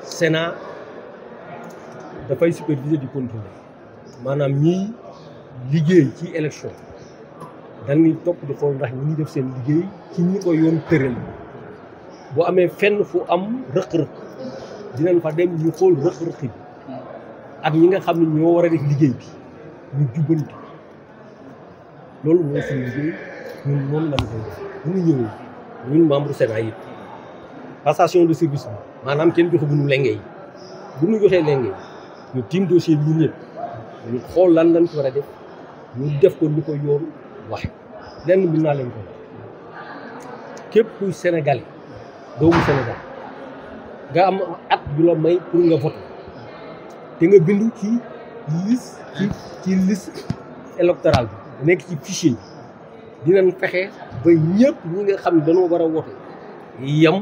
Sénat dafay superviser di contrôler maanaam ñi liggéey ci élection dañuy topp di xool ndax ñi ngi def seen liggéey ci ñi ko yoon tëral bu amee fenn fu am rëq-rëq dinañ fa dem ñu xool rëq-rëq bi ak ñi nga xam ne ñoo war a def liggéey bi ñu jubbanti loolu mooy suñu liggéey ñun moom lañ koy bu ñu ñëwee ñun membre Sénat yi passation de service bi maanaam kenn joxe bu ñu lenge yi bu ñu joxee lenge ñu tiim dossier bi ñun ñëpp ñu xool lan lañ ko war a def ñu def ko ñu ko yoon waxe lenn bi naa leen ko képp kuy doomu Sénégal nga am at bu la may pour nga vote te nga bindu ci liste ci liste électorale bi nekk ci fichier dinañ fexe ba ñëpp ñi nga xam ne dañoo war a wote yem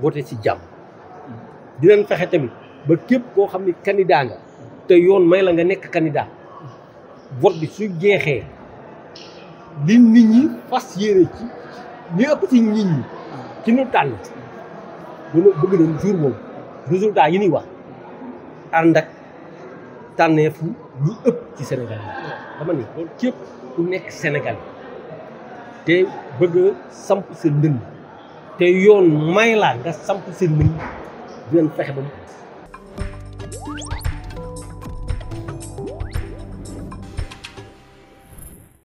wote ci jàmm dinañ fexe tamit ba képp koo xam ne candidat nga te yoon may la nga nekk candidat vote bi su jeexee li nit ñi fas yéene ci ñu ëpp ci nit ñi ci ñu tànn dina bëgg nañ jour moom résultat yi ñuy wax ànd ak tànneefu ñu ëpp ci Sénégal yi dama ni loolu képp ku nekk Sénégal te bëgg a samp si ndënd te yoon may laa nga samp sa ndënd di leen fexe ba